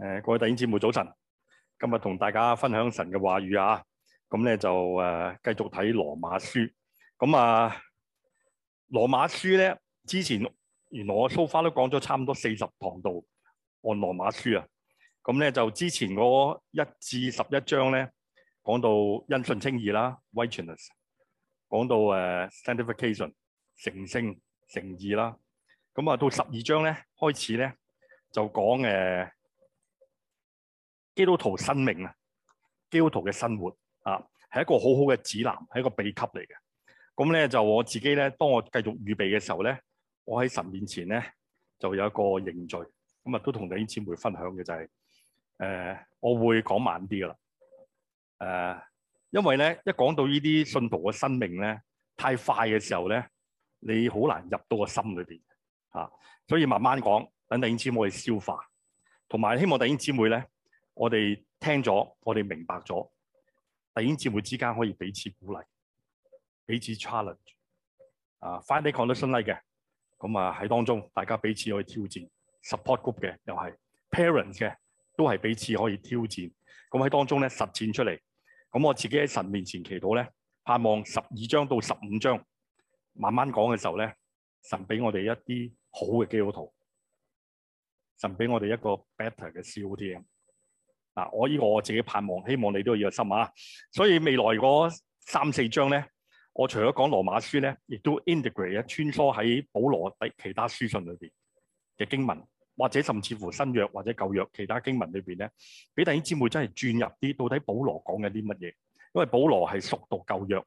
誒，各位弟兄姊妹早晨，今日同大家分享神嘅話語啊！咁咧，就誒、啊、繼續睇羅馬書，咁啊羅馬書咧之前原來我 so far 都講咗差唔多四十堂度按羅馬書啊，咁咧就之前嗰一至十一章咧講到因信稱義啦，righteousness，講到誒 sanctification 成聖成義啦，咁啊到十二章咧開始咧就講誒。啊基督徒生命啊，基督徒嘅生活啊，係一個好好嘅指南，係一個秘笈嚟嘅。咁咧就我自己咧，當我繼續預備嘅時候咧，我喺神面前咧就有一個認罪。咁啊，都同弟兄姊妹分享嘅就係、是、誒、呃，我會講慢啲噶啦誒，因為咧一講到呢啲信徒嘅生命咧太快嘅時候咧，你好難入到個心裏邊吓、啊，所以慢慢講，等弟兄姊妹去消化，同埋希望弟兄姊妹咧。我哋聽咗，我哋明白咗，弟兄姊妹之間可以彼此鼓勵，彼此 challenge，啊，find the condition like 嘅，咁啊喺當中大家彼此可以挑戰，support group 嘅又係 parents 嘅，都係彼此可以挑戰，咁喺當中咧實踐出嚟，咁我自己喺神面前祈禱咧，盼望十二章到十五章慢慢講嘅時候咧，神俾我哋一啲好嘅基督徒，神俾我哋一個 better 嘅 COTM。我依個我自己盼望，希望你都要有心啊。所以未來嗰三四章咧，我除咗講羅馬書咧，亦都 integrate 穿梭喺保羅第其他書信裏面嘅經文，或者甚至乎新約或者舊約其他經文裏面咧，俾弟兄姊妹真係轉入啲到底保羅講緊啲乜嘢？因為保羅係熟讀舊約，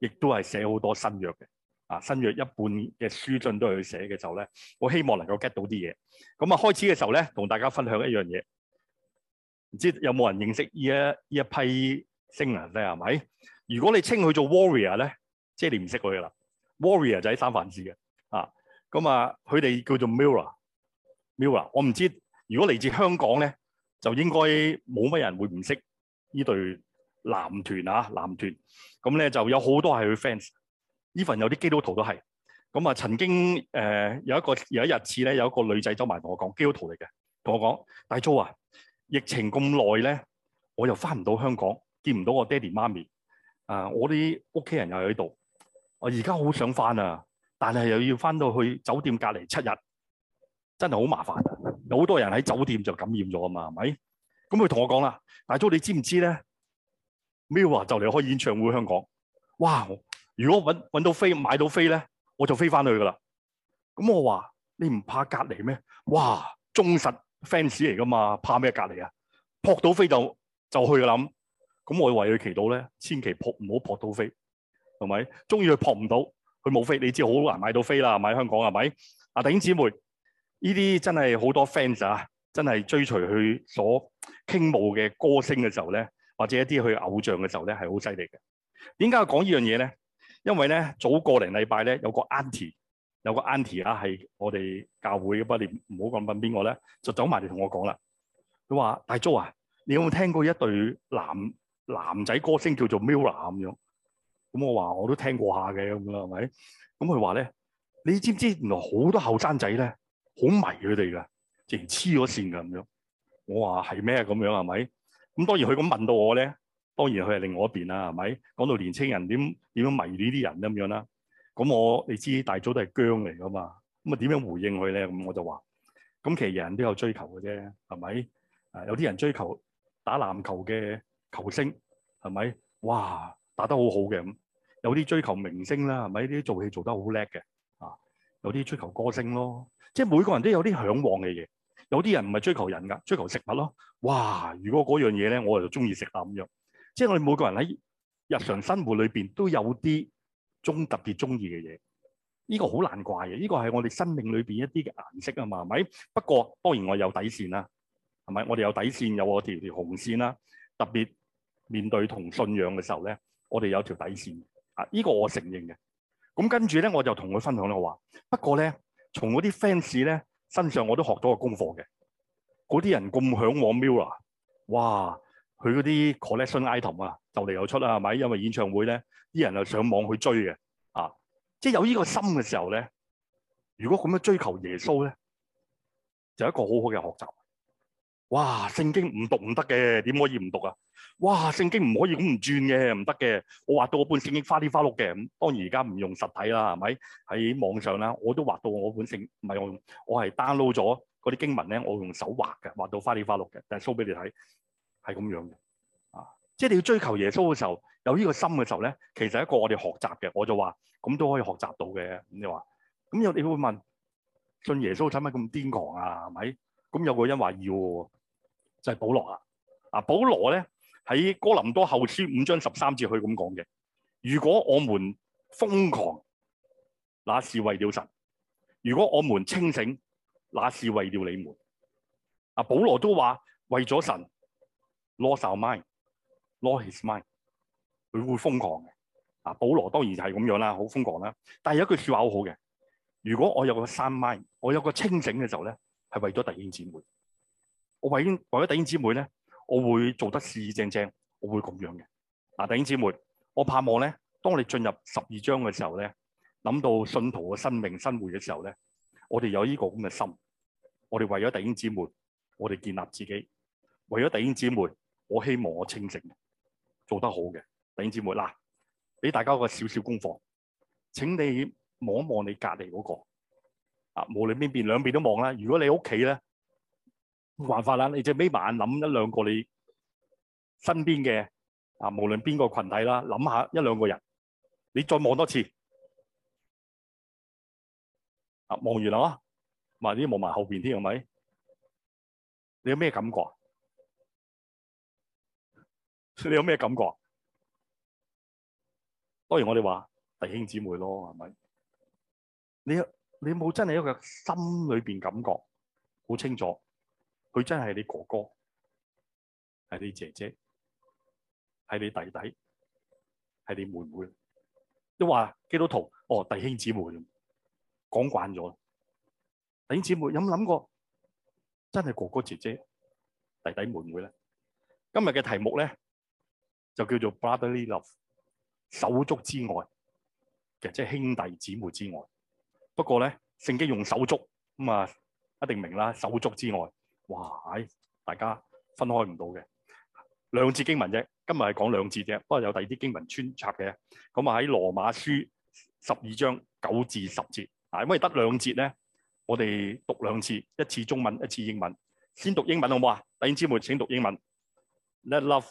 亦都係寫好多新約嘅。啊，新約一半嘅書信都係佢寫嘅時候咧，我希望能夠 get 到啲嘢。咁啊，開始嘅時候咧，同大家分享一樣嘢。唔知有冇人認識呢一呢一批星人咧？係咪？如果你稱佢做 Warrior 咧，即係你唔識佢啦。Warrior 就喺三藩市嘅啊。咁啊，佢哋叫做 Mirror，Mirror。我唔知如果嚟自香港咧，就應該冇乜人會唔識呢隊男團啊，男團。咁咧就有好多係佢 fans，even 有啲基督徒都係。咁啊，曾經誒、呃、有一個有一日次咧，有一個女仔走埋同我講基督徒嚟嘅，同我講大租啊！疫情咁耐咧，我又翻唔到香港，見唔到我爹哋媽咪。啊，我啲屋企人又喺度。我而家好想翻啊，但係又要翻到去酒店隔離七日，真係好麻煩。有好多人喺酒店就感染咗啊嘛，係咪？咁佢同我講啦，大鐘你知唔知咧？MIRROR，就嚟開演唱會香港。哇！如果揾揾到飛買到飛咧，我就飛翻去㗎喇。咁我話你唔怕隔離咩？哇！忠實 fans 嚟噶嘛？怕咩隔離啊？撲到飛就就去諗，咁我為佢祈禱咧，千祈撲唔好撲到飛，係咪？鍾意佢撲唔到，佢冇飛，你知好難買到飛啦，買香港係咪？啊，頂姊妹，呢啲真係好多 fans 啊，真係追隨佢所傾慕嘅歌星嘅時候咧，或者一啲佢偶像嘅時候咧，係好犀利嘅。點解講呢樣嘢咧？因為咧，早過零禮拜咧，有個 Auntie。有個 Auntie 啊，係我哋教會嘅，你不你唔好咁問邊個咧，就走埋嚟同我講啦。佢話：大鐘啊，你有冇聽過一對男男仔歌星叫做 Mirror 咁樣？咁我話我都聽過下嘅咁樣係咪？咁佢話咧，你知唔知原來好多後生仔咧好迷佢哋㗎，直係黐咗線㗎咁樣。我話係咩咁樣係咪？咁當然佢咁問到我咧，當然佢係另外一邊啦，係咪？講到年青人點樣，點樣迷呢啲人咁樣啦。咁我你知大早都係姜嚟噶嘛，咁啊點樣回應佢咧？咁我就話：咁其實人都有追求嘅啫，係咪？誒有啲人追求打籃球嘅球星，係咪？哇，打得好好嘅咁，有啲追求明星啦，係咪？呢啲做戲做得好叻嘅，啊，有啲追求歌星咯，即係每個人都有啲嚮往嘅嘢。有啲人唔係追求人噶，追求食物咯。哇！如果嗰樣嘢咧，我就中意食啊咁樣。即係我哋每個人喺日常生活裏邊都有啲。中特別中意嘅嘢，呢、這個好難怪嘅，呢、這個係我哋生命裏邊一啲嘅顏色啊嘛，係咪？不過當然我有底線啦，係咪？我哋有底線，有我條條紅線啦。特別面對同信仰嘅時候咧，我哋有條底線啊！呢、這個我承認嘅。咁跟住咧，我就同佢分享咧，我話不過咧，從嗰啲 fans 咧身上我都學到個功課嘅。嗰啲人咁嚮往 Mirror 哇！佢嗰啲 collection item 啊，就嚟又出啦，係咪？因為演唱會咧，啲人又上網去追嘅，啊！即係有呢個心嘅時候咧，如果咁樣追求耶穌咧，就一個好好嘅學習。哇！聖經唔讀唔得嘅，點可以唔讀啊？哇！聖經唔可以咁唔轉嘅，唔得嘅。我畫到我本聖經花里花碌嘅，當然而家唔用實體啦，係咪？喺網上啦，我都畫到我本聖，唔係我用，我係 download 咗嗰啲經文咧，我用手畫嘅，畫到花里花碌嘅，但係 show 俾你睇。係咁樣嘅，啊，即係你要追求耶穌嘅時候，有呢個心嘅時候咧，其實一個我哋學習嘅，我就話咁都可以學習到嘅。咁你話，咁有你會問，信耶穌使乜咁癲狂啊？係咪？咁有個人話要，就係保羅啊。啊，保羅咧喺哥林多後書五章十三節可以咁講嘅。如果我們瘋狂，那是為了神；如果我們清醒，那是為了你們。啊，保羅都話為咗神。Lose our mind, lose his mind，佢會瘋狂嘅。嗱，保羅當然就係咁樣啦，好瘋狂啦。但係有一句説話好好嘅，如果我有個山 mind，我有個清醒嘅時候咧，係為咗弟兄姊妹，我為咗為咗弟兄姊妹咧，我會做得事正正，我會咁樣嘅。嗱，弟兄姊妹，我盼望咧，當你哋進入十二章嘅時候咧，諗到信徒嘅生命、生活嘅時候咧，我哋有呢個咁嘅心，我哋為咗弟兄姊妹，我哋建立自己，為咗弟兄姊妹。我希望我清醒做得好嘅，弟兄姊妹，嗱、啊，俾大家個少少功課。請你望一望你隔離嗰個，啊，無論邊邊兩邊都望啦。如果你屋企咧，冇辦法啦，你就眯埋眼諗一兩個你身邊嘅，啊，無論邊個群體啦，諗、啊、下一兩個人，你再望多次，啊，望完啦，或者望埋後邊添，係咪？你有咩感覺？你有咩感覺？當然我哋話弟兄姊妹咯，係咪？你有你冇真係一個心裏面感覺好清楚，佢真係你哥哥，係你姐姐，係你弟弟，係你妹妹。都話基督徒哦，弟兄姊妹講慣咗，弟兄姊妹有冇諗過真係哥哥姐姐、弟弟妹妹咧？今日嘅題目咧？就叫做 brotherly love，手足之外，即係兄弟姊妹之外。不過咧，聖經用手足咁啊，一定明啦。手足之外，哇！唉，大家分開唔到嘅。兩節經文啫，今日係講兩節啫，不過有第二啲經文穿插嘅。咁啊，喺羅馬書十二章九至十節啊，因為得兩節咧，我哋讀兩節，一次中文，一次英文。先讀英文好唔好啊？弟兄姊妹，請讀英文。Let love。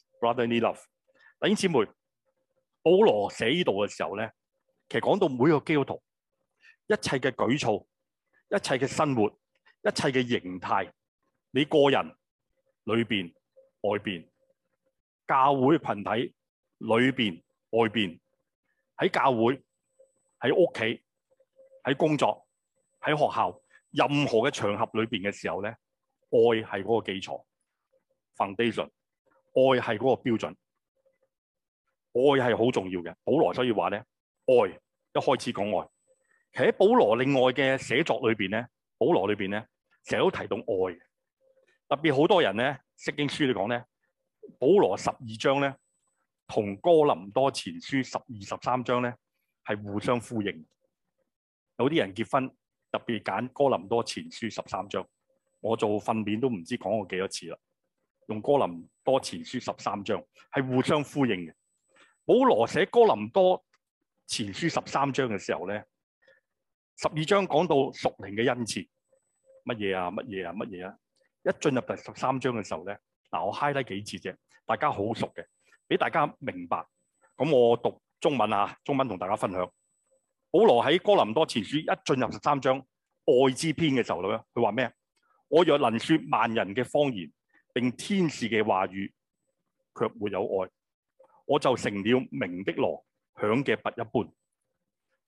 Brotherly love，弟兄姊妹，保羅寫呢度嘅時候咧，其實講到每個基督徒一切嘅舉措、一切嘅生活、一切嘅形態，你個人裏邊、外邊，教會群體裏邊、外邊，喺教會、喺屋企、喺工作、喺學校，任何嘅場合裏邊嘅時候咧，愛係嗰個基礎，foundation。愛係嗰個標準，愛係好重要嘅。保羅所以話咧，愛一開始講愛。其實喺保羅另外嘅寫作裏邊咧，保羅裏邊咧成日都提到愛。特別好多人咧，釋經書都講咧，保羅十二章咧同哥林多前書十二十三章咧係互相呼應。有啲人結婚特別揀哥林多前書十三章，我做訓勉都唔知道講過幾多次啦。用哥林多前書十三章係互相呼應嘅。保羅寫哥林多前書十三章嘅時候咧，十二章講到熟靈嘅恩賜，乜嘢啊，乜嘢啊，乜嘢啊。一進入第十三章嘅時候咧，嗱，我 high 低幾次啫，大家好熟嘅，俾大家明白。咁我讀中文啊，中文同大家分享。保羅喺哥林多前書一進入十三章愛之篇嘅時候咧，佢話咩啊？我若能說萬人嘅方言。並天使嘅話語卻沒有愛，我就成了明的鑼響嘅不一般。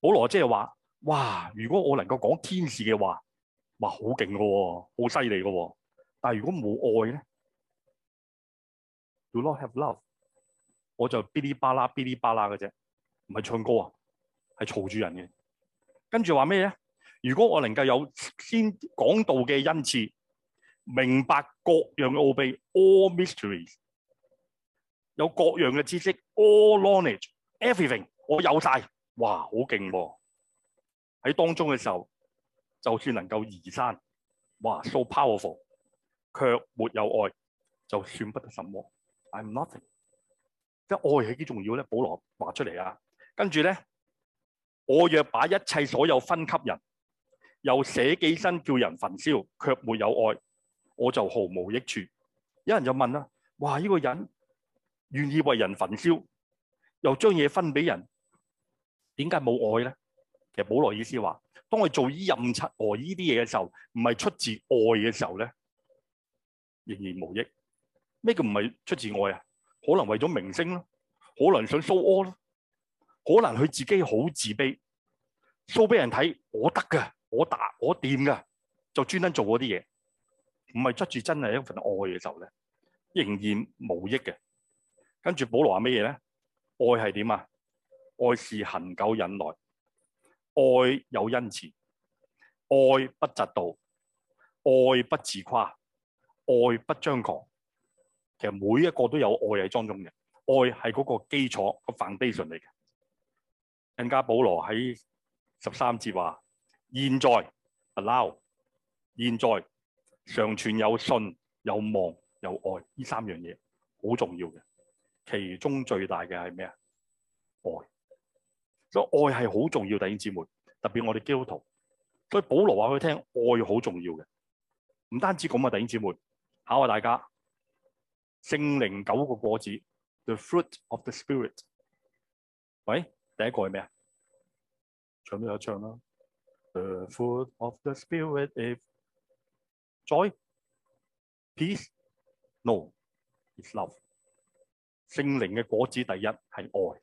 保羅即係話：哇！如果我能夠講天使嘅話，哇，好勁噶，好犀利噶。但係如果冇愛咧，do not have love，我就嗶哩吧啦嗶哩吧啦嘅啫，唔係唱歌啊，係嘈住人嘅。跟住話咩咧？如果我能夠有先講道嘅恩賜。明白各樣嘅奧秘，all mysteries，有各樣嘅知識，all knowledge，everything，我有晒，哇，好勁喎！喺當中嘅時候，就算能夠移山，哇，so powerful，卻沒有愛，就算不得什麼。I'm nothing，即愛係幾重要咧？保羅話出嚟啊。跟住咧，我若把一切所有分給人，又捨己身叫人焚燒，卻沒有愛。我就毫無益處。有人就問啦：「哇！呢個人願意為人焚燒，又將嘢分俾人，點解冇愛咧？其實保羅意思話：當佢做呢任何呢啲嘢嘅時候，唔係出自愛嘅時候咧，仍然無益。咩叫唔係出自愛啊？可能為咗明星咯，可能想 show off 咯，可能佢自己好自卑，show 俾人睇我得嘅，我達我掂嘅，就專登做嗰啲嘢。唔係出住真係一份愛嘅時候咧，仍然無益嘅。跟住，保羅話咩嘢咧？愛係點啊？愛是恒久忍耐，愛有恩慈，愛不嫉妒，愛不自誇，愛不張狂。其實每一個都有愛喺莊中嘅，愛係嗰個基礎、個 foundation 嚟嘅。人家保羅喺十三節話：現在 allow，現在。常存有信、有望、有愛，呢三樣嘢好重要嘅。其中最大嘅係咩啊？愛，所以愛係好重要，弟兄姊妹，特別我哋基督徒。所以保羅話畀佢聽，愛好重要嘅，唔單止咁啊，弟兄姊妹。考下大家，聖靈九個果子，The fruit of the spirit。喂，第一個係咩啊？唱咪就唱啦。The fruit of the spirit is，哎 Joy peace no is，love，聖靈嘅果子第一係愛，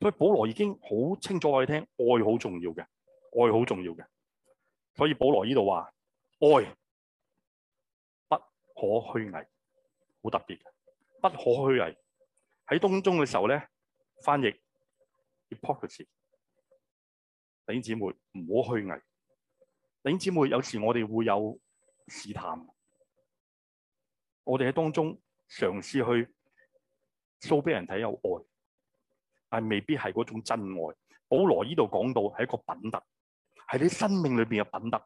所以保羅已經好清楚我哋聽，愛好重要嘅，愛好重要嘅，所以保羅呢度話愛不可虛偽，好特別嘅，不可虛偽。喺當中嘅時候咧翻譯 hypocrisy，弟兄姊妹唔好虛偽。領姊妹，有時我哋會有試探，我哋喺當中嘗試去 show 俾人睇有愛，但係未必係嗰種真愛。保羅依度講到係一個品德，係你生命裏邊嘅品德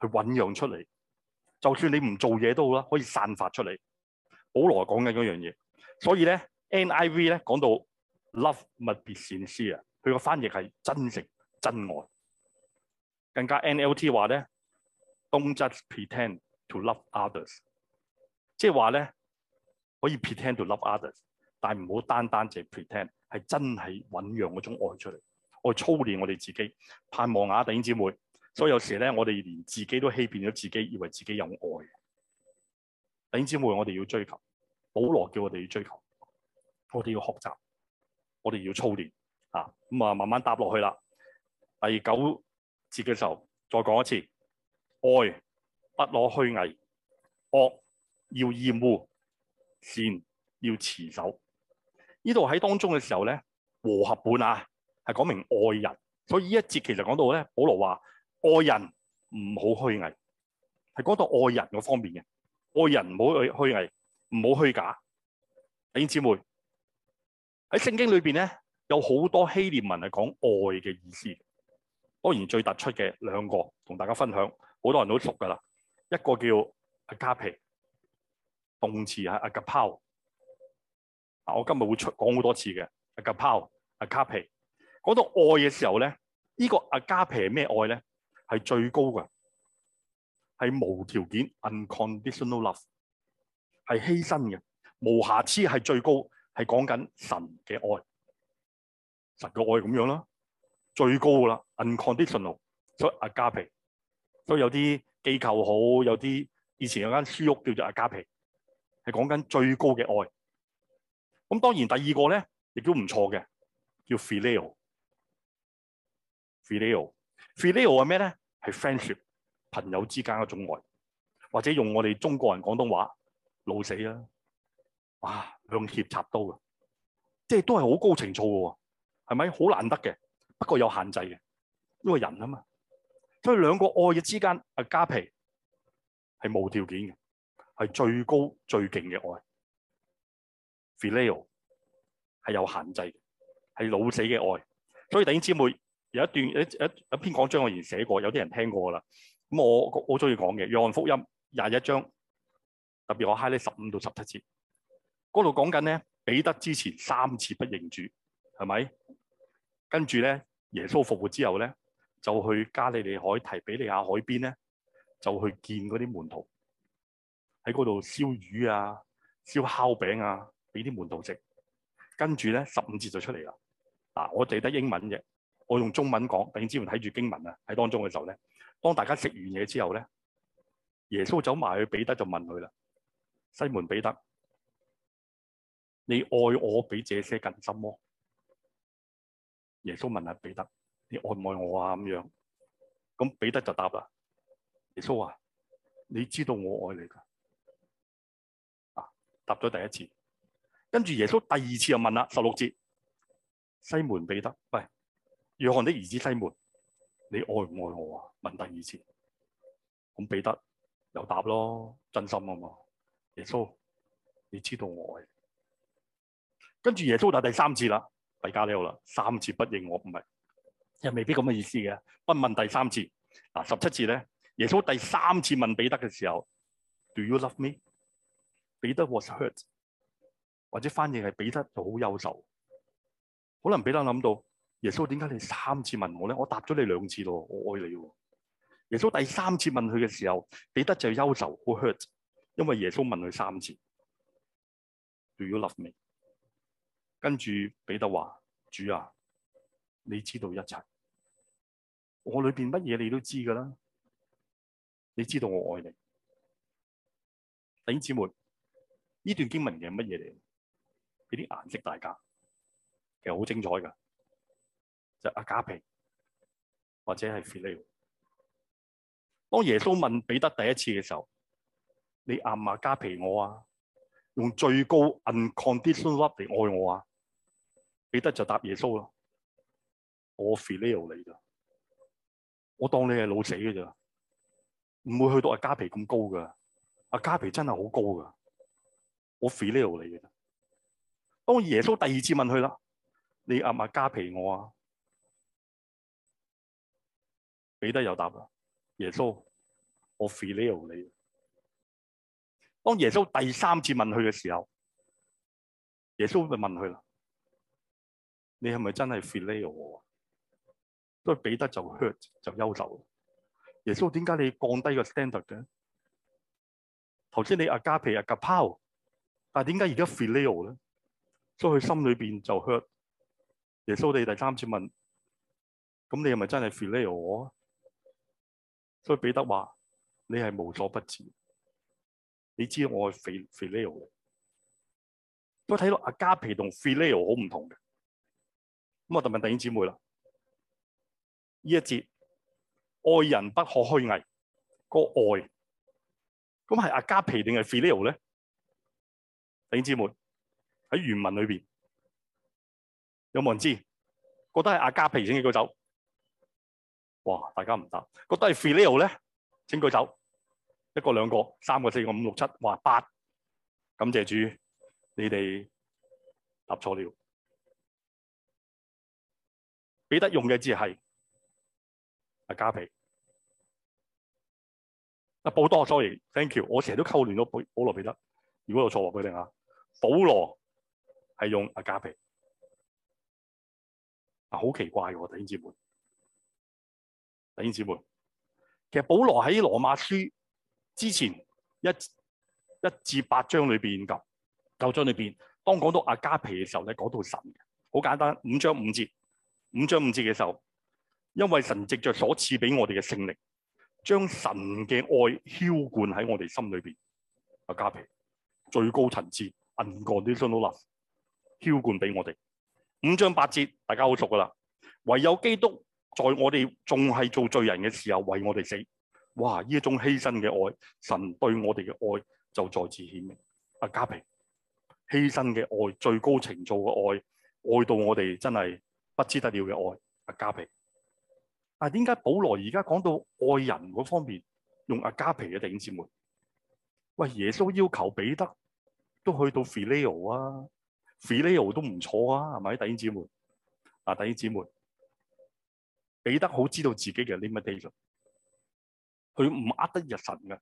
去醖釀出嚟。就算你唔做嘢都好啦，可以散發出嚟。保羅講緊嗰樣嘢，所以咧 NIV 咧講到 love must be sincere 啊，佢個翻譯係真情真愛。更加 NLT 話咧，Don't just pretend to love others，即係話咧可以 pretend to love others，但唔好單單淨係 pretend，係真係醞釀嗰種愛出嚟，我哋操練我哋自己，盼望下弟兄姊妹，所以有時咧我哋連自己都欺騙咗自己，以為自己有愛。弟兄姊妹，我哋要追求，保羅叫我哋要追求，我哋要學習，我哋要操練啊，咁啊慢慢搭落去啦。第九節嘅時候，再講一次，愛不攞虛偽，惡要厭惡，善要持守。呢度喺當中嘅時候咧，和合本啊，係講明愛人。所以呢一節其實講到咧，保羅話愛人唔好虛偽，係講到愛人嗰方面嘅，愛人唔好虛虛偽，唔好虛假。弟兄姊妹喺聖經裏邊咧，有好多希臘文係講愛嘅意思的。當然最突出嘅兩個同大家分享，好多人都熟噶啦。一個叫阿加皮，動詞係阿吉拋。啊，我今日會出講好多次嘅阿吉拋、阿加皮。講到愛嘅時候咧，這個、是什麼愛呢個阿加皮係咩愛咧？係最高嘅，係無條件、unconditional love，係犧牲嘅，無瑕疵係最高，係講緊神嘅愛，神嘅愛咁樣咯。最高噶啦，unconditional 所以阿加皮，所以有啲機構好，有啲以前有間書屋叫做阿加皮，係講緊最高嘅愛。咁當然第二個咧，亦都唔錯嘅，叫 filial。filial，filial 係咩咧？係 friendship，朋友之間嗰種愛，或者用我哋中國人廣東話老死啦。哇，兩脅插刀嘅，即係都係好高情操嘅喎，係咪好難得嘅？不過有限制嘅，因為人啊嘛，所以兩個愛嘅之間，阿加皮係無條件嘅，係最高最勁嘅愛，Phileo 係有限制的，嘅，係老死嘅愛。所以弟兄姊妹有一段一一篇講章，我以前寫過，有啲人聽過啦。咁我我中意講嘅，約翰福音廿一章，特別我 highlight 十五到十七節，嗰度講緊咧彼得之前三次不認主，係咪？跟住咧，耶穌復活之後咧，就去加利利海提比利亞海邊咧，就去見嗰啲門徒喺嗰度燒魚啊、燒烤餅啊，俾啲門徒食。跟住咧，十五節就出嚟啦。嗱、啊，我記得英文嘅，我用中文講，弟兄姊妹睇住經文啊，喺當中嘅時候咧，當大家食完嘢之後咧，耶穌走埋去，彼得就問佢啦：西門彼得，你愛我比這些更深麼？耶穌問下彼得，你愛唔愛我啊？咁樣，咁彼得就答啦。耶穌話、啊：你知道我愛你噶，啊，答咗第一次。跟住耶穌第二次又問啦，十六節，西門彼得，喂，約翰的兒子西門，你愛唔愛我啊？問第二次，咁、嗯、彼得又答咯，真心啊嘛。耶穌，你知道我愛你。跟住耶穌就第三次啦。大家呢度啦，三次不認我唔係，又未必咁嘅意思嘅。不問第三次嗱，十七次咧，耶穌第三次問彼得嘅時候，Do you love me？彼得 was hurt，或者翻譯係彼得就好憂愁。可能彼得諗到耶穌，點解你三次問我咧？我答咗你兩次咯，我愛你哦。耶穌第三次問佢嘅時候，彼得就憂愁，好 hurt，因為耶穌問佢三次，Do you love me？跟住彼得話：主啊，你知道一切，我裏面乜嘢你都知噶啦。你知道我愛你。弟兄姊妹，呢段經文嘅係乜嘢嚟？俾啲顏色大家，其實好精彩噶。就係、阿加皮或者係腓力，當耶穌問彼得第一次嘅時候，你啱唔啱加皮我啊，用最高 unconditional love 嚟愛我啊。彼得就答耶穌咯，我 feel 你噶，我當你係老死嘅咋，唔會去到阿加皮咁高噶。阿加皮真係好高噶，我 feel 你啊。當耶穌第二次問佢啦，你亞馬加皮我啊？彼得又答啦，耶穌，我 feel 你嘅。當耶穌第三次問佢嘅時候，耶穌咪問佢啦。你係咪真係 phileo 我啊？所以彼得就 hurt 就憂愁。耶穌點解你降低個 standard 嘅？頭先你阿加皮阿加炮，但係點解而家 phileo 咧？所以佢心裏邊就 hurt。耶穌你第三次問，咁你係咪真係 phileo 我啊？所以彼得話：你係無所不知，你知道我係 phileo phileo 嘅。不過睇到阿加皮同 phileo 好唔同嘅。咁我同問弟兄姊妹啦，呢一節愛人不可虛偽，個愛，咁係阿加皮定係 phileo 咧？弟兄姊妹喺原文裏邊有冇人知？覺得係阿加皮，請舉手。哇，大家唔答，覺得係 phileo 咧，請舉手，一個、兩個、三個、四個、五六七，哇，八！感謝主，你哋答錯了。彼得用嘅字係阿加皮，阿、啊、保多爾多尼，thank you。我成日都扣亂咗保保羅彼得，如果有錯我改正下。保羅係用阿加皮，啊，好奇怪嘅弟兄姊妹，弟兄姊妹，其實保羅喺羅馬書之前一一至八章裏邊九九章裏邊，當講到阿加皮嘅時候咧，嗰度神好簡單，五章五節。五章五節嘅時候，因為神藉着所賜俾我哋嘅聖靈，將神嘅愛澆灌喺我哋心裏邊。阿加皮最高層次銀鋼啲信都啦，澆灌俾我哋五章八節，大家好熟噶啦。唯有基督在我哋仲係做罪人嘅時候為我哋死，哇！呢一種犧牲嘅愛，神對我哋嘅愛就再次顯明。阿加皮犧牲嘅愛，最高程度嘅愛，愛到我哋真係。不知得了嘅愛，阿加皮。但係點解保羅而家講到愛人嗰方面，用阿加皮嘅弟兄姊妹？喂，耶穌要求彼得都去到腓利歐啊，腓利歐都唔錯啊，係咪弟兄姊妹？啊，弟兄姊妹，彼得好知道自己嘅 limitation，佢唔呃得入神嘅，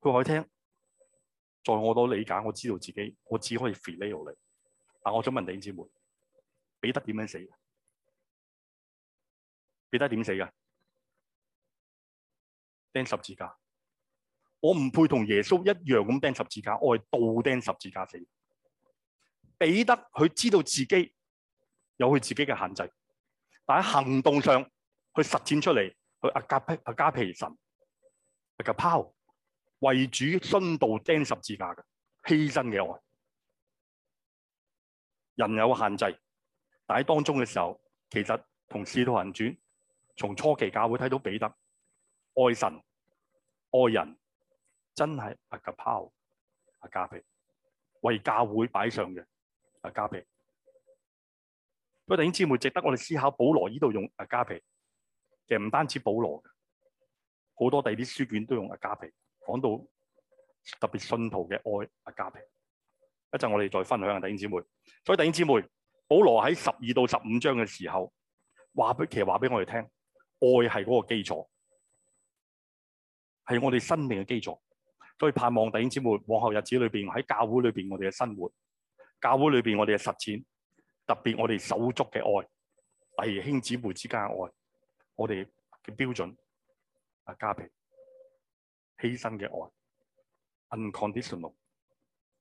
佢話聽。在我都理解，我知道自己，我只可以腓利歐你。但、啊、我想問弟兄姊妹。彼得點樣死？彼得點死㗎？釘十字架。我唔配同耶穌一樣咁釘十字架，我係倒釘十字架死。彼得佢知道自己有佢自己嘅限制，但喺行動上佢實踐出嚟，佢阿加皮、阿加皮神，阿加拋為主殉道釘十字架嘅犧牲嘅愛。人有限制。但喺當中嘅時候，其實同使徒行傳從初期教會睇到彼得愛神愛人，真係阿加拋阿加皮為教會擺上嘅阿加皮。所以弟兄姊妹值得我哋思考，保羅依度用阿加皮，其實唔單止保羅，好多第啲書卷都用阿加皮講到特別信徒嘅愛阿加皮。一陣我哋再分享下弟兄姊妹。所以弟兄姊妹。保羅喺十二到十五章嘅時候，話俾其實，話俾我哋聽，愛係嗰個基礎，係我哋生命嘅基礎。所以盼望弟兄姊妹往後日子裏邊，喺教會裏邊我哋嘅生活，教會裏邊我哋嘅實踐，特別我哋手足嘅愛，弟兄姊妹之間嘅愛，我哋嘅標準。阿加培，犧牲嘅愛，unconditional，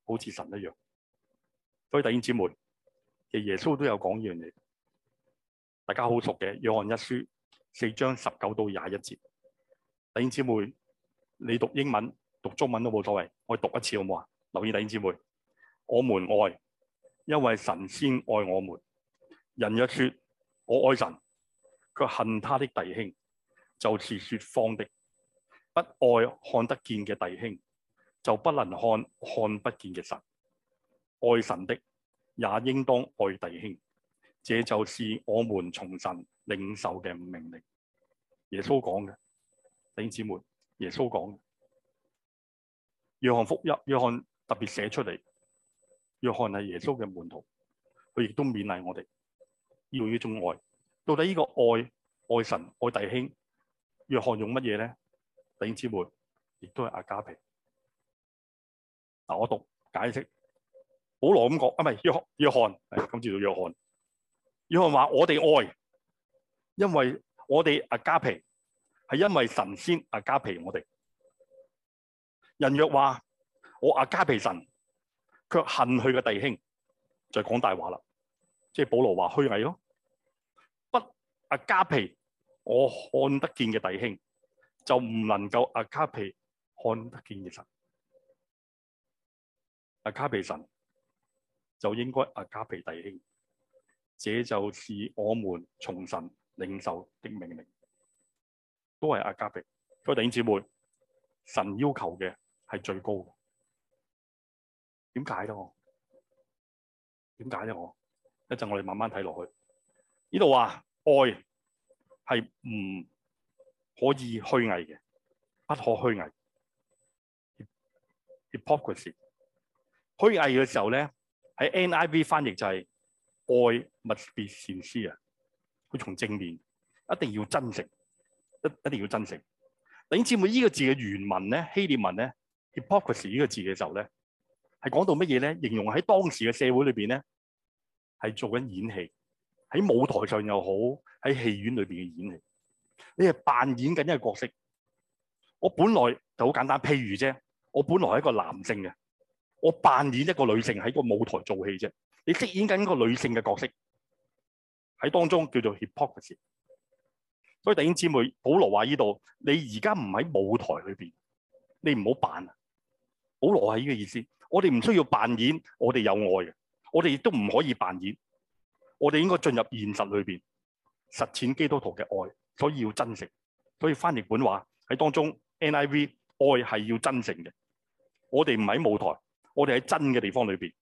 好似神一樣。所以弟兄姊妹。耶穌都有講呢樣嘢，大家好熟嘅。約翰一書四章十九到廿一節，弟兄姊妹，你讀英文、讀中文都冇所謂，我讀一次好冇啊？留意，弟兄姊妹，我們愛，因為神先愛我們。人若說我愛神，卻恨他的弟兄，就似說謊的。不愛看得見嘅弟兄，就不能看看不見嘅神。愛神的。也應當愛弟兄，這就是我們從神領受嘅命令。耶穌講嘅，弟兄姊妹，耶穌講嘅。約翰福音，約翰特別寫出嚟。約翰係耶穌嘅門徒，佢亦都勉勵我哋要用呢種愛。到底呢個愛，愛神愛弟兄，約翰用乜嘢咧？弟兄姊妹，亦都係阿加皮。嗱，我讀解釋。保羅咁講，唔係，約約翰，今次到約翰。約翰話我哋愛，因為我哋阿加皮係因為神仙阿加皮我哋。人若話我阿加皮神，卻恨佢嘅弟兄，就講大話啦。即、就、係、是、保羅話虛偽咯。不阿加皮，我看得見嘅弟兄，就唔能夠阿加皮看得見嘅神。阿加皮神。就應該阿加皮弟兄，這就是我們從神領受的命令，都係阿加皮。各位弟兄姊妹，神要求嘅係最高嘅。點解咧？解呢解呢我點解咧？我一陣我哋慢慢睇落去。呢度話愛係唔可以虛偽嘅，不可虛偽。hypocrisy 虛偽嘅時候咧。喺 NIV 翻譯就係愛 must be sincere 啊！佢從正面，一定要真誠，一一定要真誠。等兄每呢依個字嘅原文咧，希臘文咧，hypocrisy 呢個字嘅時候咧，係講到乜嘢咧？形容喺當時嘅社會裏邊咧，係做緊演戲，喺舞台上又好，喺戲院裏邊嘅演戲，你係扮演緊一個角色。我本來就好簡單，譬如啫，我本來係一個男性嘅。我扮演一個女性喺個舞台做戲啫，你飾演緊個女性嘅角色喺當中叫做 hypocrite。所以弟兄姊妹，保羅話依度，你而家唔喺舞台裏面，你唔好扮啊！保羅係呢個意思，我哋唔需要扮演，我哋有愛嘅，我哋亦都唔可以扮演，我哋應該進入現實裏面實踐基督徒嘅愛，所以要真誠。所以翻譯本話喺當中，NIV 愛係要真誠嘅，我哋唔喺舞台。我哋喺真嘅地方裏邊，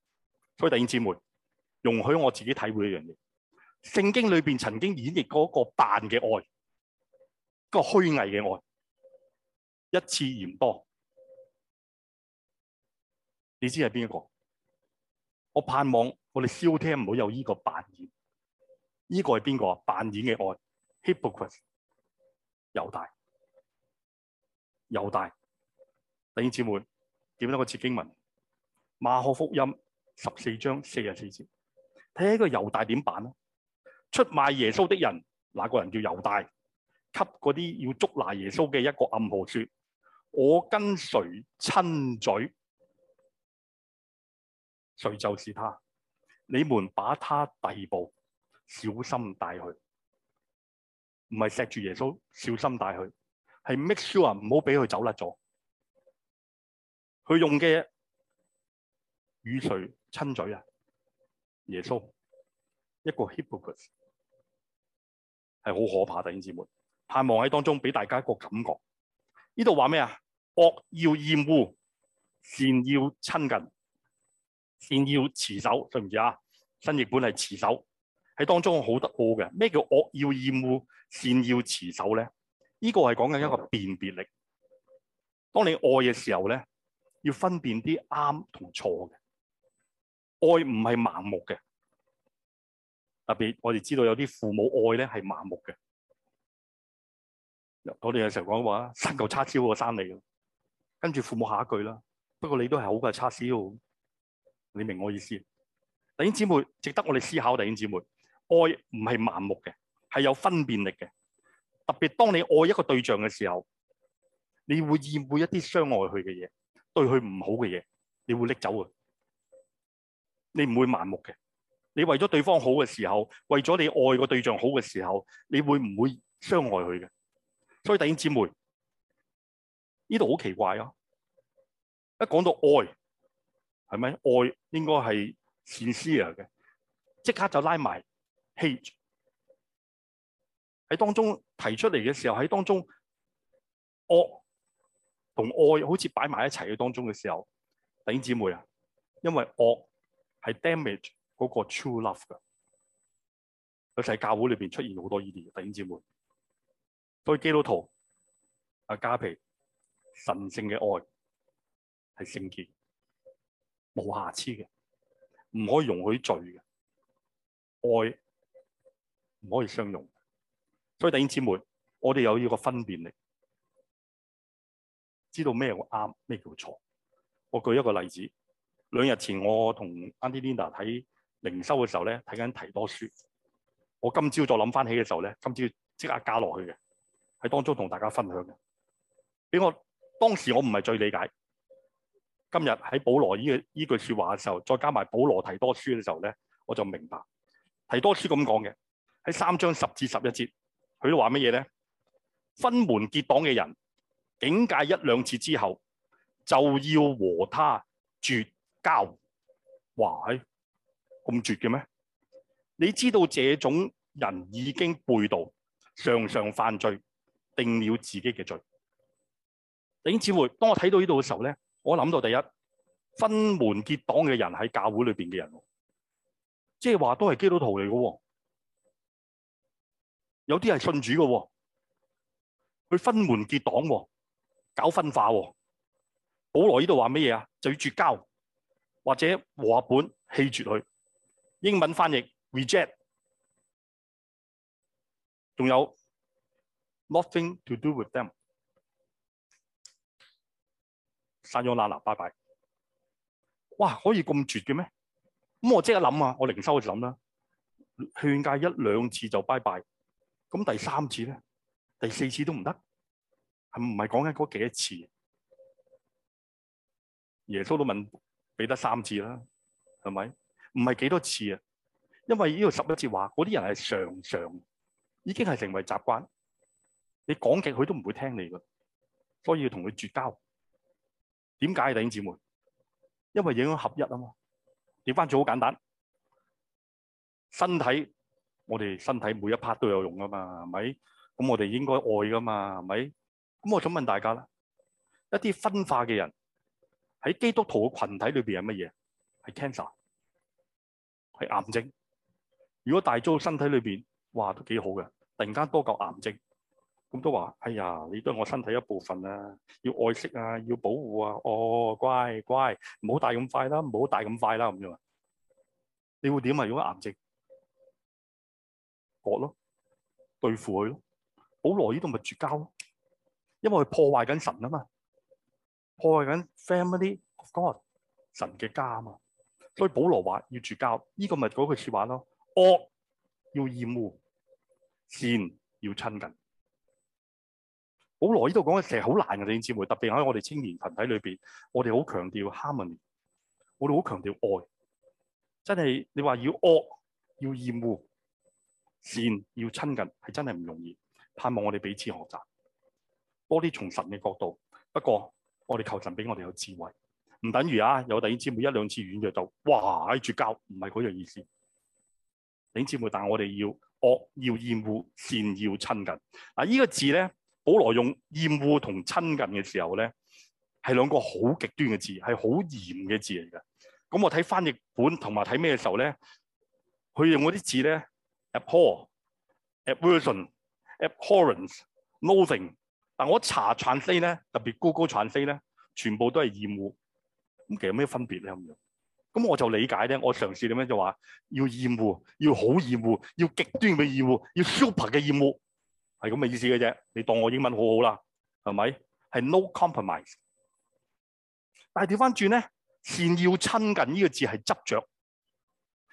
所以弟兄姊妹容許我自己體會一樣嘢：聖經裏邊曾經演繹過一個扮嘅愛，一個虛偽嘅愛，一次嫌多。你知係邊一個？我盼望我哋消聽唔好有呢個扮演，呢、這個係邊個啊？扮演嘅愛 Hypocrites，猶大，猶大，弟兄姊妹點得個字經文？馬可福音十四章四十四節，睇下個猶大點辦？出賣耶穌的人，那個人叫猶大，給嗰啲要捉拿耶穌嘅一個暗號，說：我跟誰親嘴，誰就是他。你們把他逮捕，步小心帶去，唔係錫住耶穌小心帶去，係 make sure 唔好俾佢走甩咗。佢用嘅。與誰親嘴啊！耶穌一個 hypocrite 係好可怕嘅，弟兄姊妹。盼望喺當中俾大家一個感覺。呢度話咩啊？惡要厭惡，善要親近，善要持守。知唔知啊？新譯本係持守喺當中好得奧嘅。咩叫惡要厭惡，善要持守咧？呢、這個係講緊一個辨別力。當你愛嘅時候咧，要分辨啲啱同錯嘅。愛唔係盲目嘅，特別我哋知道有啲父母愛咧係盲目嘅。我哋有時講話生嚿叉燒啊，我生你咯，跟住父母下一句啦。不過你都係好嘅叉燒，你明我意思。弟兄姊妹，值得我哋思考。弟兄姊妹，愛唔係盲目嘅，係有分辨力嘅。特別當你愛一個對象嘅時候，你會厭惡一啲傷害佢嘅嘢，對佢唔好嘅嘢，你會拎走嘅。你唔會盲目嘅，你為咗對方好嘅時候，為咗你愛個對象好嘅時候，你會唔會傷害佢嘅？所以弟兄姊妹，呢度好奇怪啊。一講到愛，係咪愛應該係善思嘅，即刻就拉埋 hate 喺當中提出嚟嘅時候，喺當中惡同愛好似擺埋一齊嘅當中嘅時候，弟兄姊妹啊，因為惡。係 damage 嗰個 true love 嘅，有時喺教會裏邊出現好多呢啲。弟兄姊妹，對基督徒阿加皮，神聖嘅愛係聖潔，冇瑕疵嘅，唔可以容許罪嘅，愛唔可以相容。所以弟兄姊妹，我哋有呢個分辨力，知道咩叫啱，咩叫錯。我舉一個例子。兩日前我同 Auntie Linda 睇靈修嘅時候咧，睇緊提多書。我今朝再諗翻起嘅時候咧，今朝即刻加落去嘅，喺當中同大家分享嘅。俾我當時我唔係最理解。今日喺保羅呢個呢句説話嘅時候，再加埋保羅提多書嘅時候咧，我就明白。提多書咁講嘅喺三章十至十一節，佢都話乜嘢咧？分門結黨嘅人，警戒一兩次之後，就要和他絕交哇，咁絕嘅咩？你知道這種人已經背道，常常犯罪，定了自己嘅罪。頂智慧。當我睇到呢度嘅時候咧，我諗到第一，分門結黨嘅人喺教會裏邊嘅人，即係話都係基督徒嚟嘅，哦，有啲係信主嘅，哦，佢分門結黨，哦，搞分化，哦。保羅呢度話乜嘢啊？就要絕交。或者和合本棄絕佢，英文翻譯 reject，仲有 nothing to do with them，散咗啦嗱，拜拜。哇，可以咁絕嘅咩？咁我即刻諗啊，我靈修就去就諗啦，勸戒一兩次就拜拜，咁第三次咧，第四次都唔得，係唔係講緊嗰幾次？耶穌都問。俾得三次啦，係咪？唔係幾多次啊？因為呢個十一次話，嗰啲人係常常已經係成為習慣，你講極佢都唔會聽你噶所以要同佢絕交。點解啊，弟兄姊妹？因為影響合一啊嘛。點翻轉好簡單，身體我哋身體每一 part 都有用噶嘛，係咪？咁我哋應該愛噶嘛，係咪？咁我想問大家啦，一啲分化嘅人。喺基督徒嘅群體裏邊係乜嘢？係 cancer，係癌症。如果大咗身體裏邊，哇都幾好嘅。突然間多嚿癌症，咁都話：哎呀，你都係我身體一部分啊，要愛惜啊，要保護啊。哦，乖乖，唔好大咁快啦，唔好大咁快啦咁樣。你會點啊？如果癌症，割咯，對付佢咯。保羅呢度咪絕交咯，因為佢破壞緊神啊嘛。破壞緊 family of God 神嘅家啊嘛，所以保羅話要絕交，呢、這個咪嗰句說話咯。惡、哦、要厭惡，善要親近。保羅呢度講嘅成日好難嘅正字詞，特別喺我哋青年群體裏邊，我哋好強調 harmony，我哋好強調愛。真係你話要惡、哦、要厭惡，善要親近，係真係唔容易。盼望我哋彼此學習，多啲從神嘅角度。不過。我哋求神俾我哋有智慧，唔等於啊有弟兄姊妹一兩次軟弱就「哇」，嗌住交，唔係嗰樣意思。弟兄姊妹，但係我哋要惡要厭惡，善要親近。嗱，呢個字咧，保羅用厭惡同親近嘅時候咧，係兩個好極端嘅字，係好嚴嘅字嚟嘅。咁我睇翻譯本同埋睇咩嘅時候咧，佢用嗰啲字咧，abhor、aversion Ab Ab、abhorrence、loathing 但我查 translate 咧，特別 google translate 咧，全部都係厭惡。咁其實有咩分別咧咁樣？咁我就理解咧，我嘗試點樣就話要厭惡，要好厭惡，要極端嘅厭惡，要 super 嘅厭惡，係咁嘅意思嘅啫。你當我英文好好啦，係咪？係 no compromise。但係調翻轉咧，善要親近呢個字係執着，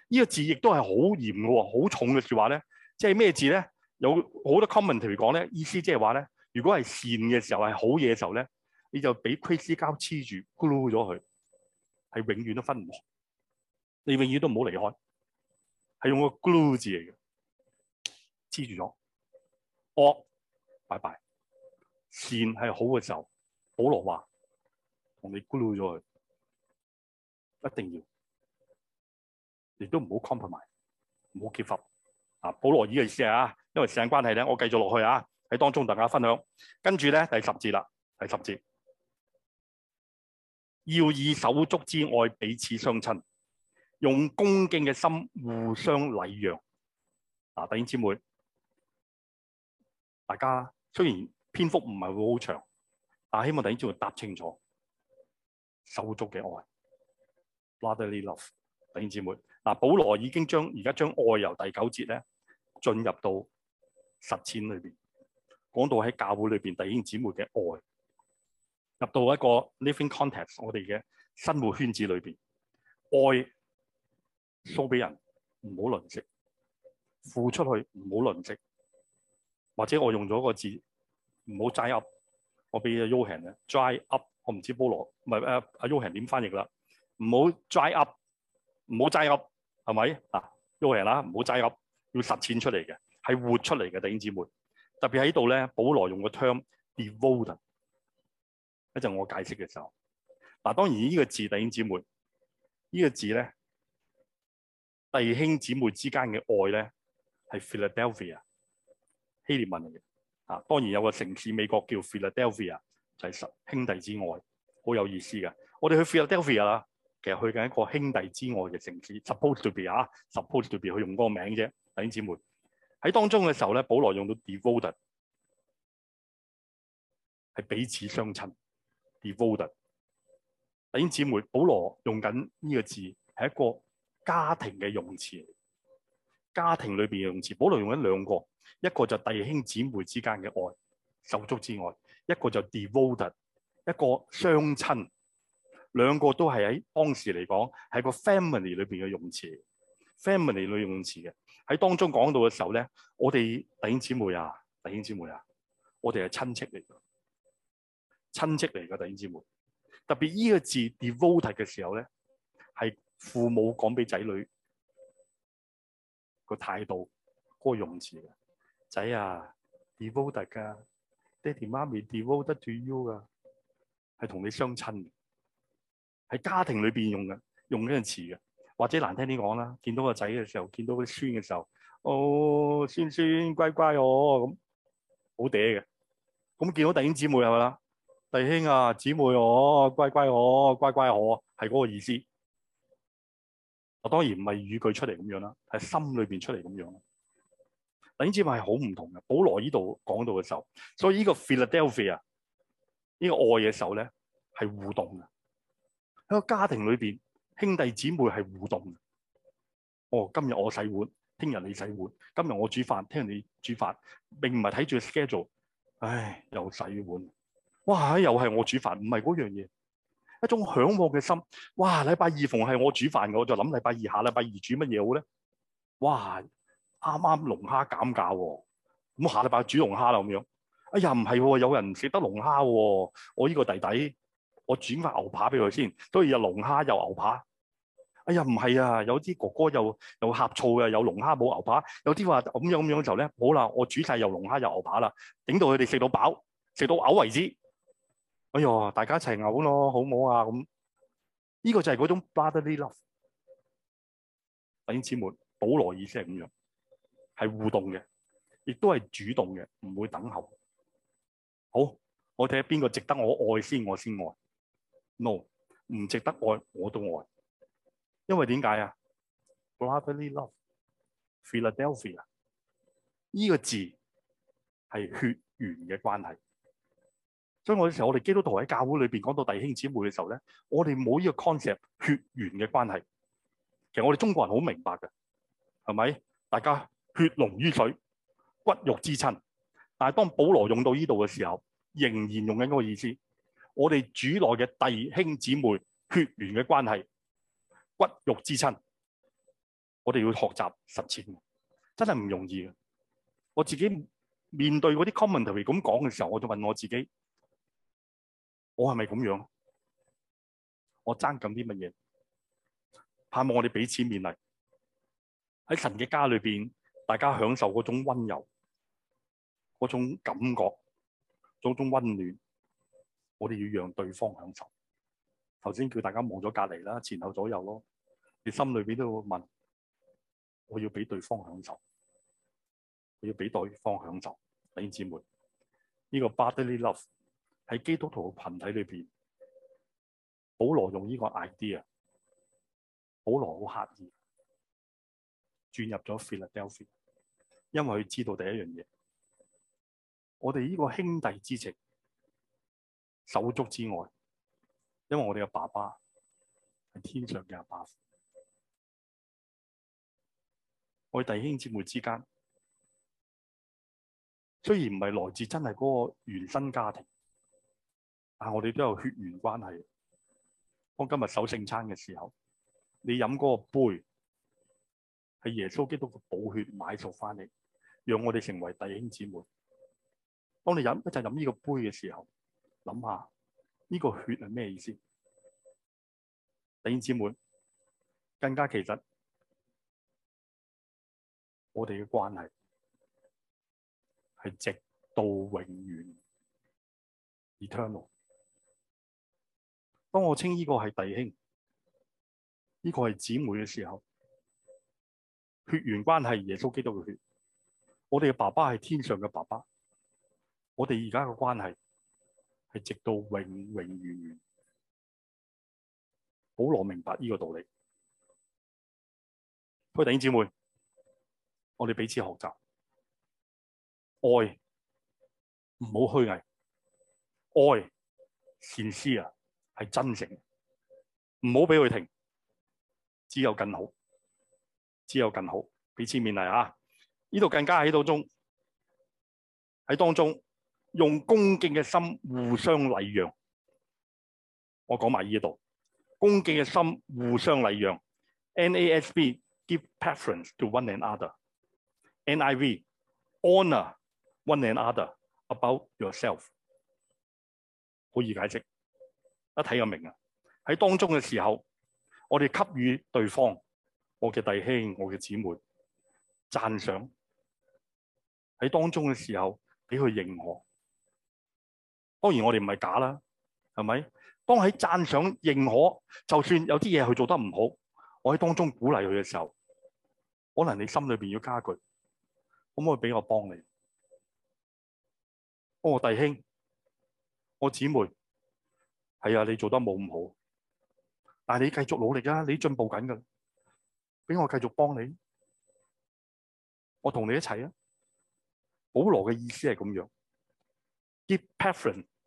呢個字亦都係好嚴喎，好重嘅說話咧。即係咩字咧？有好多 commentary 嚟講咧，意思即係話咧。如果係善嘅時候係好嘢嘅時候咧，你就俾硅膠黐住，glue 咗佢，係永遠都分唔開，你永遠都唔好離開，係用個 glue 字嚟嘅，黐住咗哦，拜拜。b 善係好嘅時候，保羅話同你 glue 咗佢，一定要，亦都唔好 compromise，唔好結合。啊，保羅爾嘅意思係啊，因為時間關係咧，我繼續落去啊。喺當中大家分享，跟住咧第十節啦，第十節要以手足之愛彼此相親，用恭敬嘅心互相禮讓。嗱、啊，弟兄姊妹，大家雖然篇幅唔係會好長，但係希望弟兄姊妹答清楚手足嘅愛。brotherly love，弟兄姊妹，嗱、啊，保羅已經將而家將愛由第九節咧進入到實踐裏邊。講到喺教會裏邊弟兄姊妹嘅愛，入到一個 living context，我哋嘅生活圈子裏邊，愛送俾人唔好吝嗇，付出去唔好吝嗇，或者我用咗個字唔好 dry up。我俾阿 Johan 咧 dry up，我唔知道菠蘿唔係誒阿 Johan 點翻譯啦，唔好 dry up，唔好 dry up 係咪啊？Johan 啦，唔好、oh、dry up，要實踐出嚟嘅，係活出嚟嘅弟兄姊妹。特別喺度咧，保羅用個 term devoted，一陣我解釋嘅時候，嗱當然呢個字弟兄姊妹，呢個字咧弟兄姊妹之間嘅愛咧係 Philadelphia 希臘文嚟嘅，啊當然有個城市美國叫 Philadelphia，就係兄弟之愛，好有意思嘅。我哋去 Philadelphia 啦，其實去緊一個兄弟之愛嘅城市，supposed to be 啊，supposed to be 去用嗰個名啫，弟兄姊妹。喺當中嘅時候咧，保羅用到 devoted 係彼此相親，devoted 弟兄姊妹。保羅用緊呢個字係一個家庭嘅用詞，家庭裏面嘅用詞。保羅用緊兩個，一個就弟兄姊妹之間嘅愛、手足之愛；一個就 devoted，一個相親。兩個都係喺當時嚟講係一個 family 裏邊嘅用詞。family 類用詞嘅喺當中講到嘅時候咧，我哋弟兄姊妹啊，弟兄姊妹啊，我哋係親戚嚟嘅，親戚嚟噶弟兄姊妹，特別呢個字 devoted 嘅時候咧，係父母講俾仔女個態度嗰、那個用詞嘅，仔啊，devoted 噶、啊，爹哋媽咪 devoted to you 噶、啊，係同你相親嘅，喺家庭裏邊用嘅，用呢個詞嘅。或者難聽啲講啦，見到個仔嘅時候，見到啲孫嘅時候，哦，孫孫乖乖我咁好嗲嘅。咁見到弟兄姊妹係咪啦？弟兄啊，姊妹我乖乖我乖乖我，係嗰個意思。我當然唔係語句出嚟咁樣啦，係心裏邊出嚟咁樣。弟兄姐妹係好唔同嘅。保羅呢度講到嘅時候，所以呢個 Philadelphia 呢個愛嘅手咧係互動嘅，喺個家庭裏邊。兄弟姊妹係互動嘅哦，今日我洗碗，聽日你洗碗；今日我煮飯，聽日你煮飯。並唔係睇住 schedule。唉，又洗碗。哇，又係我煮飯，唔係嗰樣嘢。一種享樂嘅心。哇，禮拜二逢係我煮飯，我就諗禮拜二下禮拜二煮乜嘢好咧。哇，啱啱龍蝦減價喎，咁下禮拜煮龍蝦啦咁樣。哎呀，唔係，有人食得龍蝦喎。我依個弟弟。我煮翻牛扒俾佢先，所以有龍蝦又牛扒。哎呀，唔係啊，有啲哥哥又又呷醋嘅，有龍蝦冇牛扒。有啲話咁樣咁樣嘅時候咧，好啦，我煮晒又龍蝦又牛扒啦，頂到佢哋食到飽，食到嘔為止。哎喲，大家一齊嘔咯，好唔好啊？咁，呢個就係嗰種 brotherly love。弟兄姊妹，保羅意思係咁樣，係互動嘅，亦都係主動嘅，唔會等候。好，我睇下邊個值得我，我愛先，我先愛。No，唔值得愛我都愛，因為點解啊？Brotherly Love Philadelphia，呢個字係血緣嘅關係。所以我啲時候，我哋基督徒喺教會裏面講到弟兄姊妹嘅時候咧，我哋冇呢個 concept 血緣嘅關係。其實我哋中國人好明白嘅，係咪？大家血濃於水，骨肉之親。但係當保羅用到呢度嘅時候，仍然用緊嗰個意思。我哋主內嘅弟兄姊妹血緣嘅關係、骨肉之親，我哋要學習實踐，真係唔容易。我自己面對嗰啲 commentary 咁講嘅時候，我就問我自己：我係咪咁樣？我爭緊啲乜嘢？盼望我哋彼此勉勵，喺神嘅家裏邊，大家享受嗰種溫柔、嗰種感覺、嗰種溫暖。我哋要讓對方享受。頭先叫大家望咗隔籬啦，前後左右咯。你心裏邊都會問：我要俾對方享受，我要俾對方享受。弟兄姊、姊妹，呢、這個 brotherly love 喺基督徒嘅群體裏邊，保羅用呢個 idea。保羅好刻意轉入咗 Philadelphia，因為佢知道第一樣嘢，我哋呢個兄弟之情。手足之外，因為我哋嘅爸爸係天上嘅阿爸，爸，我哋弟兄姊妹之間雖然唔係來自真係嗰個原生家庭，但係我哋都有血緣關係。當今日守聖餐嘅時候，你飲嗰個杯係耶穌基督嘅寶血買贖翻嚟，讓我哋成為弟兄姊妹。當你飲一陣飲呢個杯嘅時候，諗下呢個血係咩意思？弟兄姊妹，更加其實我哋嘅關係係直到永遠 （eternal）。當我稱呢個係弟兄，呢個係姊妹嘅時候，血緣關係，耶穌基督嘅血，我哋嘅爸爸係天上嘅爸爸，我哋而家嘅關係。係直到永永遠遠，保羅明白呢個道理。各位弟兄姊妹，我哋彼此學習，愛唔好虛偽，愛善思啊，係真誠，唔好俾佢停，只有更好，只有更好，彼此勉勵啊！呢度更加喺度中喺當中。在當中用恭敬嘅心互相禮讓，我講埋呢度。恭敬嘅心互相禮讓。NASB give preference to one another。NIV honour one another about yourself。好易解釋，一睇就明啊！喺當中嘅時候，我哋給予對方，我嘅弟兄、我嘅姊妹讚賞。喺當中嘅時候，俾佢認可。當然我哋唔係假啦，係咪？當喺讚賞、認可，就算有啲嘢佢做得唔好，我喺當中鼓勵佢嘅時候，可能你心裏面要加句，可唔可以俾我幫你？幫我弟兄，我姊妹，係啊，你做得冇咁好，但係你繼續努力啊，你進步緊噶，俾我繼續幫你，我同你一齊啊。保羅嘅意思係咁樣，Give preference。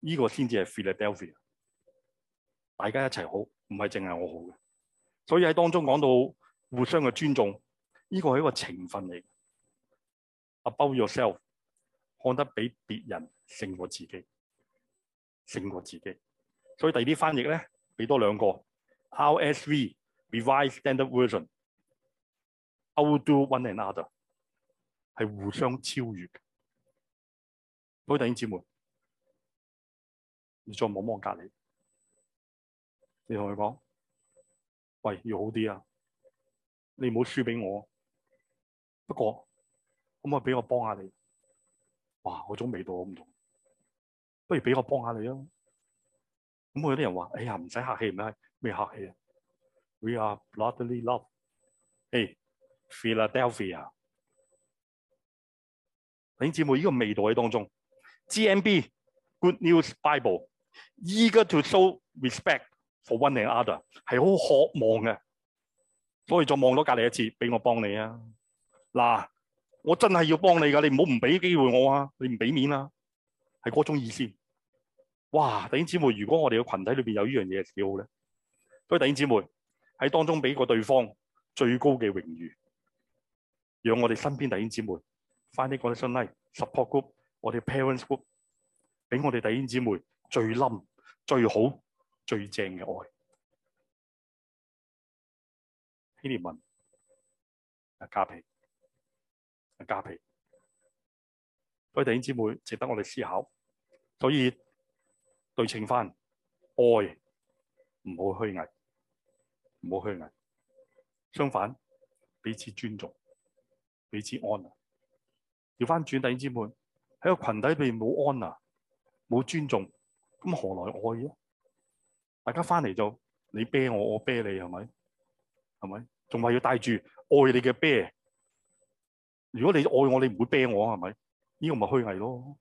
呢個先至係 Philadelphia，大家一齊好，唔係淨係我好嘅。所以喺當中講到互相嘅尊重，呢個係一個情分嚟嘅。Above yourself，看得比別人勝過自己，勝過自己。所以第二啲翻譯咧，俾多兩個 RSV Revised Standard Version。I will do one another，係互相超越。好，弟兄姊妹。你再望望隔籬，你同佢講，喂，要好啲啊！你唔好輸俾我。不過，可唔可以俾我幫下你？哇，嗰種味道好唔同，不如俾我幫下你啊！咁佢啲人話，哎呀，唔使客氣咩，唔客氣。We are brotherly love，誒、hey，Philadelphia。弟兄姊妹，呢個味道喺當中。GMB，Good News Bible。eager to show respect for one another 係好渴望嘅，所以再望多隔籬一次，俾我幫你啊！嗱，我真係要幫你噶，你唔好唔俾機會我啊！你唔俾面啦、啊，係嗰種意思。哇！弟兄姊妹，如果我哋嘅群體裏邊有這事好呢樣嘢，幾好咧！所以弟兄姊妹喺當中俾過對方最高嘅榮譽，讓我哋身邊的弟兄姊妹 find 嗰啲、like、support group，我哋 parents group，俾我哋弟兄姊妹最冧。最好最正嘅愛，希臘文啊加皮啊加皮，所以弟兄姊妹，值得我哋思考，所以對稱翻愛，唔好虛偽，唔好虛偽，相反彼此尊重，彼此安樂。調翻轉，弟兄姊妹喺個羣體，譬如冇安樂，冇尊重。咁何來愛啊？大家翻嚟就你啤我，我啤你，係咪？係咪？仲話要帶住愛你嘅啤？如果你愛我，你唔會啤我，係咪？呢個咪虛偽咯？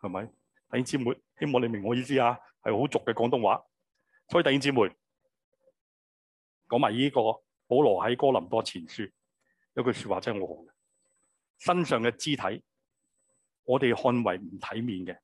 係咪？弟兄姊妹，希望你明我意思啊！係好俗嘅廣東話，所以弟兄姊妹講埋呢個，保羅喺哥林多前書有句說話真係好好嘅，身上嘅肢體，我哋看為唔體面嘅。